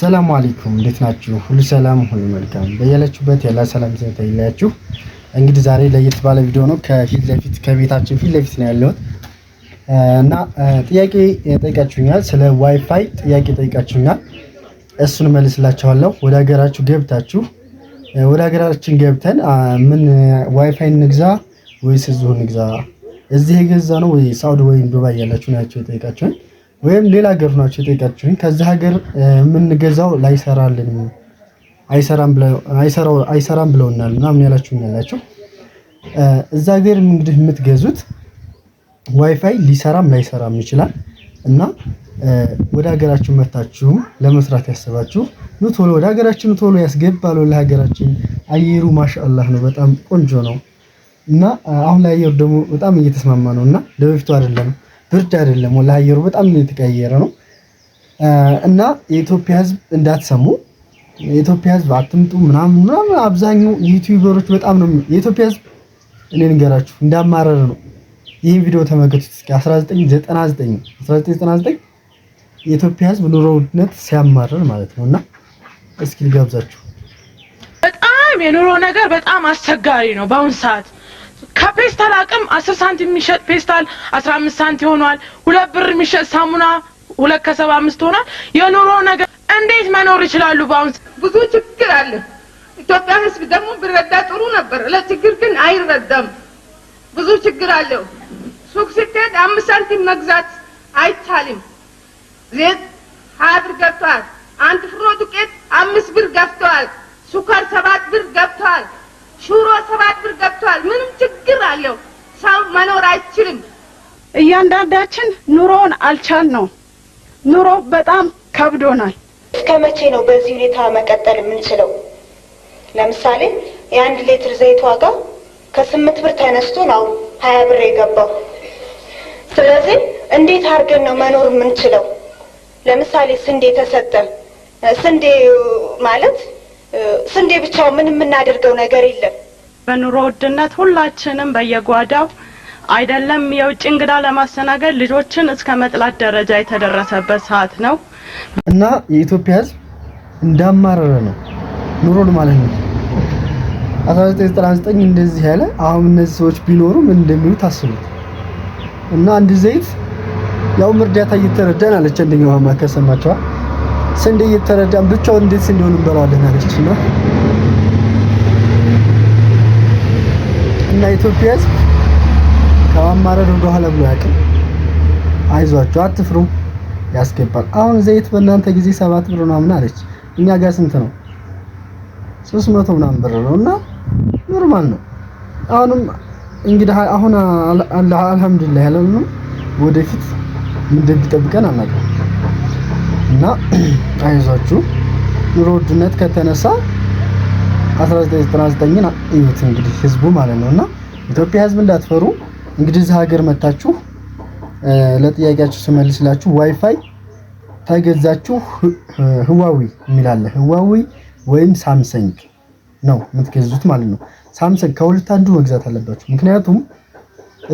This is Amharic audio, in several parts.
ሰላም አለይኩም እንዴት ናችሁ? ሁሉ ሰላም፣ ሁሉ መልካም በያላችሁበት ያለ ሰላም ዘይት ይላችሁ። እንግዲህ ዛሬ ለየት ባለ ቪዲዮ ነው። ከፊት ለፊት ከቤታችን ፊት ለፊት ነው ያለሁት እና ጥያቄ ጠይቃችሁኛል። ስለ ዋይፋይ ጥያቄ ጠይቃችሁኛል። እሱን መልስላችኋለሁ። ወደ ሀገራችሁ ገብታችሁ ወደ ሀገራችን ገብተን ምን ዋይፋይ እንግዛ ወይስ እዚሁ እንግዛ፣ እዚህ የገዛ ነው ወይ ሳውዲ ወይም ዱባይ ያላችሁ ናቸው የጠይቃችሁኝ ወይም ሌላ ሀገር ናቸው የጠየቃችሁኝ ከዛ ሀገር የምንገዛው ላይሰራልን አይሰራም ብለውናል ምናምን ያላችሁ ያላችሁ እዛ ሀገር እንግዲህ የምትገዙት ዋይፋይ ሊሰራም ላይሰራም ይችላል እና ወደ ሀገራችሁ መታችሁም ለመስራት ያስባችሁ ኑ ቶሎ ወደ ሀገራችን ቶሎ ያስገባል። ለሀገራችን አየሩ ማሻአላህ ነው፣ በጣም ቆንጆ ነው እና አሁን ላይ አየሩ ደግሞ በጣም እየተስማማ ነው እና ለበፊቱ አይደለም። ብርድ አይደለም፣ ወላ አየሩ በጣም የተቀየረ ነው እና የኢትዮጵያ ሕዝብ እንዳትሰሙ የኢትዮጵያ ሕዝብ አትምጡ ምናምን ምናምን። አብዛኛው ዩቲዩበሮች በጣም ነው የኢትዮጵያ ሕዝብ እኔ ንገራችሁ እንዳማረር ነው። ይህን ቪዲዮ ተመልከቱት እስኪ 1999 1999 የኢትዮጵያ ህዝብ ኑሮ ውድነት ሲያማረር ማለት ነው። እና እስኪ ልጋብዛችሁ። በጣም የኑሮ ነገር በጣም አስቸጋሪ ነው በአሁን ሰዓት ከፔስታል አቅም አስር ሳንቲም የሚሸጥ ፔስታል አስራ አምስት ሳንቲም ሆኗል። ሁለት ብር የሚሸጥ ሳሙና ሁለት ከሰባ አምስት ሆኗል። የኑሮ ነገር እንዴት መኖር ይችላሉ? በአሁን ብዙ ችግር አለ። ኢትዮጵያ ሕዝብ ደግሞ ቢረዳ ጥሩ ነበር። ለችግር ግን አይረዳም። ብዙ ችግር አለው። ሱቅ ስትሄድ አምስት ሳንቲም መግዛት አይቻልም። ዜት ሀያ ብር ገብተዋል። አንድ ፍሮ ዱቄት አምስት ብር ገብተዋል። ሱኳር ሰባት ብር ገብተዋል። ሹሮ ሰባት ብር ገብቷል። ምንም ችግር አለው። ሰው መኖር አይችልም። እያንዳንዳችን ኑሮውን አልቻል ነው። ኑሮ በጣም ከብዶናል። እስከ መቼ ነው በዚህ ሁኔታ መቀጠል የምንችለው? ለምሳሌ የአንድ ሌትር ዘይት ዋጋ ከስምንት ብር ተነስቶ ነው ሀያ ብር የገባው። ስለዚህ እንዴት አድርገን ነው መኖር የምንችለው? ለምሳሌ ስንዴ ተሰጠ። ስንዴ ማለት ስንዴ ብቻው ምን የምናደርገው ነገር የለም። በኑሮ ውድነት ሁላችንም በየጓዳው አይደለም የውጭ እንግዳ ለማስተናገድ ልጆችን እስከ መጥላት ደረጃ የተደረሰበት ሰዓት ነው እና የኢትዮጵያ ሕዝብ እንዳማረረ ነው ኑሮን ማለት ነው። 1999 እንደዚህ ያለ አሁን እነዚህ ሰዎች ቢኖሩ ምን እንደሚሉ ታስቡት እና አንድ ዘይት ያው እርዳታ እየተረዳን አለች። አንደኛው ማከሰማቸዋል ስንዴ እየተረዳን ብቻውን እንዴት ስንዴውን እንበላዋለን አለች እና እና ኢትዮጵያ ሕዝብ ከማማረር ወደኋላ ብሎ ያውቅም። አይዟችሁ፣ አትፍሩ፣ ያስገባል። አሁን ዘይት በእናንተ ጊዜ ሰባት ብር ምናምን አለች፣ እኛ ጋር ስንት ነው? ሶስት መቶ ምናምን ብር ነው እና ኖርማል ነው። አሁንም እንግዲህ አሁን አልሐምዱሊላህ ያለነው ወደፊት ምን እንደሚጠብቀን አናውቅም። እና አይዟችሁ ኑሮ ውድነት ከተነሳ 1999ን እዩት እንግዲህ ህዝቡ ማለት ነው። እና ኢትዮጵያ ህዝብ እንዳትፈሩ እንግዲህ እዚህ ሀገር መታችሁ ለጥያቄያችሁ ስመልስላችሁ ዋይፋይ ተገዛችሁ ህዋዊ የሚላለ ህዋዊ ወይም ሳምሰንግ ነው የምትገዙት ማለት ነው። ሳምሰንግ ከሁለት አንዱ መግዛት አለባችሁ። ምክንያቱም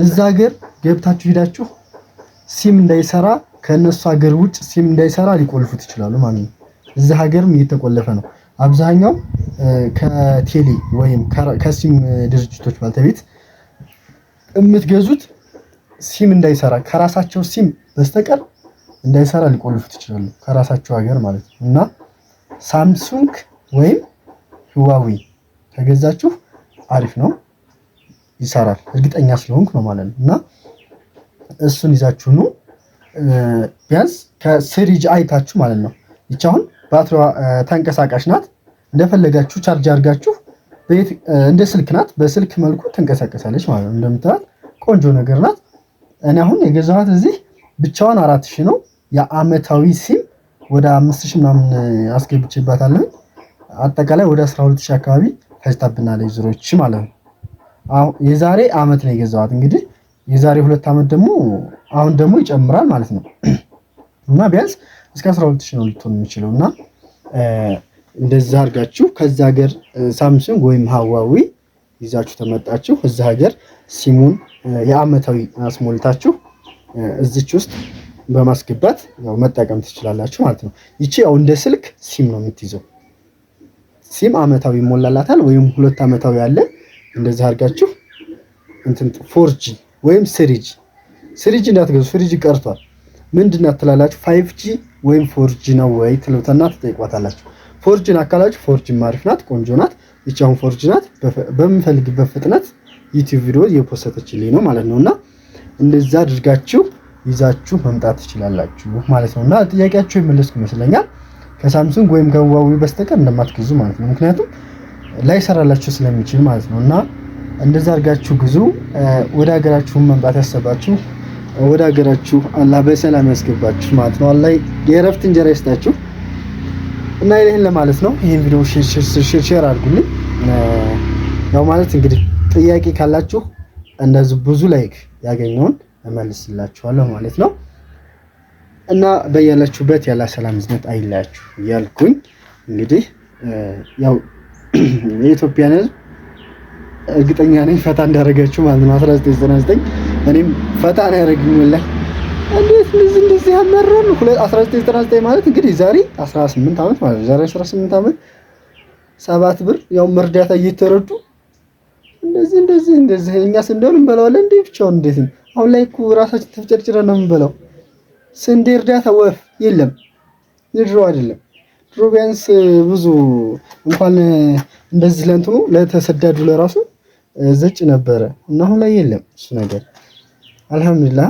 እዛ ሀገር ገብታችሁ ሂዳችሁ ሲም እንዳይሰራ ከእነሱ ሀገር ውጭ ሲም እንዳይሰራ ሊቆልፉት ይችላሉ ማለት ነው። እዚህ ሀገርም እየተቆለፈ ነው። አብዛኛው ከቴሌ ወይም ከሲም ድርጅቶች ባልተቤት የምትገዙት ሲም እንዳይሰራ ከራሳቸው ሲም በስተቀር እንዳይሰራ ሊቆልፉት ይችላሉ፣ ከራሳቸው ሀገር ማለት ነው። እና ሳምሱንግ ወይም ህዋዊ ከገዛችሁ አሪፍ ነው፣ ይሰራል። እርግጠኛ ስለሆንኩ ነው ማለት ነው። እና እሱን ይዛችሁ ነው ቢያንስ ከስሪጅ አይታችሁ ማለት ነው። ይቺ አሁን ባትሪዋ ተንቀሳቃሽ ናት። እንደፈለጋችሁ ቻርጅ አድርጋችሁ እንደ ስልክ ናት። በስልክ መልኩ ትንቀሳቀሳለች ማለት ነው። እንደምታዩት ቆንጆ ነገር ናት። እኔ አሁን የገዛኋት እዚህ ብቻዋን አራት ሺህ ነው። የአመታዊ ሲም ወደ አምስት ሺህ ምናምን አስገብቼባታለሁ። አጠቃላይ ወደ አስራ ሁለት ሺህ አካባቢ ፈጅታብናለች ዙሮች ማለት ነው። የዛሬ አመት ነው የገዛኋት እንግዲህ የዛሬ ሁለት ዓመት ደግሞ አሁን ደግሞ ይጨምራል ማለት ነው እና ቢያንስ እስከ 12 ሺህ ነው ልትሆን የሚችለው እና እንደዛ አድርጋችሁ ከዛ ሀገር ሳምሰንግ ወይም ሀዋዊ ይዛችሁ ተመጣችሁ እዛ ሀገር ሲሙን የአመታዊ አስሞልታችሁ እዚች ውስጥ በማስገባት ያው መጠቀም ትችላላችሁ ማለት ነው። ይቺ ያው እንደ ስልክ ሲም ነው የምትይዘው። ሲም አመታዊ ይሞላላታል ወይም ሁለት አመታዊ አለ። እንደዚህ አድርጋችሁ እንትን ፎርጂ ወይም ስሪጅ ስሪጅ እንዳትገዙ፣ ስሪጅ ቀርቷል። ምንድናት ትላላችሁ? ፋይቭ ጂ ወይም ፎርጂ ነው ወይ ትሉትና ትጠይቋታላችሁ። ፎርጂን አካላችሁ ፎርጂ አሪፍ ናት፣ ቆንጆ ናት። ይቺ አሁን ፎርጂ ናት። በምፈልግበት ፍጥነት ዩቲዩብ ቪዲዮ የፖሰተችልኝ ነው ማለት ነው። እና እንደዛ አድርጋችሁ ይዛችሁ መምጣት ትችላላችሁ ማለት ነው። እና ጥያቄያችሁ የመለስኩ ይመስለኛል። ከሳምሱንግ ወይም ከዋዊ በስተቀር እንደማትገዙ ማለት ነው። ምክንያቱም ላይሰራላችሁ ስለሚችል ማለት ነው እና እንደዛ አድርጋችሁ ግዙ። ወደ ሀገራችሁ መምጣት ያሰባችሁ ወደ ሀገራችሁ አላህ በሰላም ያስገባችሁ ማለት ነው። አላህ የእረፍት እንጀራ ይስጣችሁ እና ይሄን ለማለት ነው። ይሄን ቪዲዮ ሼር ሼር አድርጉልኝ። ያው ማለት እንግዲህ ጥያቄ ካላችሁ እንደዚህ ብዙ ላይክ ያገኘውን እመልስላችኋለሁ ማለት ነው እና በያላችሁበት ያለ ሰላም ዝነት አይላችሁ እያልኩኝ እንግዲህ ያው የኢትዮጵያን ሕዝብ እርግጠኛ ነኝ ፈታ እንዳደረጋችሁ ማለት ነው። 1999 እኔም ፈታ ነው ያደረግኝ። ወላሂ እንዴት እንደዚህ እንደዚህ ያመራል። 1999 ማለት እንግዲህ ዛሬ 18 ዓመት ማለት ዛሬ 18 ዓመት ሰባት ብር ያው እርዳታ እየተረዱ እንደዚህ እንደዚህ እንደዚህ እኛ ስንዴውን እንበላዋለን እንዴ ብቻውን እንዴት ነው? አሁን ላይ እኮ ራሳችን ተፍጨርጭረን ነው የምንበላው። ስንዴ እርዳታ ወፍ የለም፣ የድሮ አይደለም። ድሮ ቢያንስ ብዙ እንኳን እንደዚህ ለእንትኑ ለተሰዳዱ ለራሱ ዘጭ ነበረ እና አሁን ላይ የለም እሱ ነገር። አልሐምዱሊላ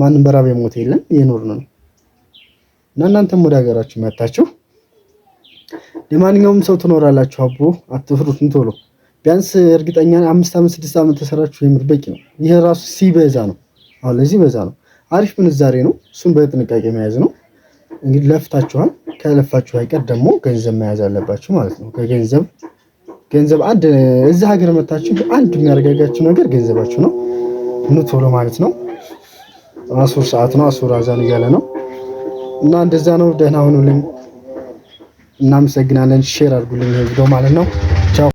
ማንም በራብ የሞተ የለም የኖር ነው እና እናንተም ወደ ሀገራችሁ መታችሁ ለማንኛውም ሰው ትኖራላችሁ። አቦ አትፍሩትም ቶሎ ቢያንስ እርግጠኛ አምስት ዓመት ስድስት ዓመት ተሰራችሁ የምር በቂ ነው። ይህ ራሱ ሲበዛ ነው። አሁን ለዚህ በዛ ነው። አሪፍ ምንዛሬ ነው። እሱን በጥንቃቄ መያዝ ነው። እንግዲህ ለፍታችኋል። ከለፋችሁ አይቀር ደግሞ ገንዘብ መያዝ አለባችሁ ማለት ነው። ከገንዘብ ገንዘብ አንድ እዚህ ሀገር መታችሁ አንድ የሚያረጋጋችሁ ነገር ገንዘባችሁ ነው። ኑ ቶሎ ማለት ነው። አሱር ሰዓት ነው። አሱር አዛን እያለ ነው እና እንደዛ ነው። ደህና ሁኑልኝ። እናመሰግናለን። ሼር አድርጉልኝ ይሄ ቪዲዮ ማለት ነው።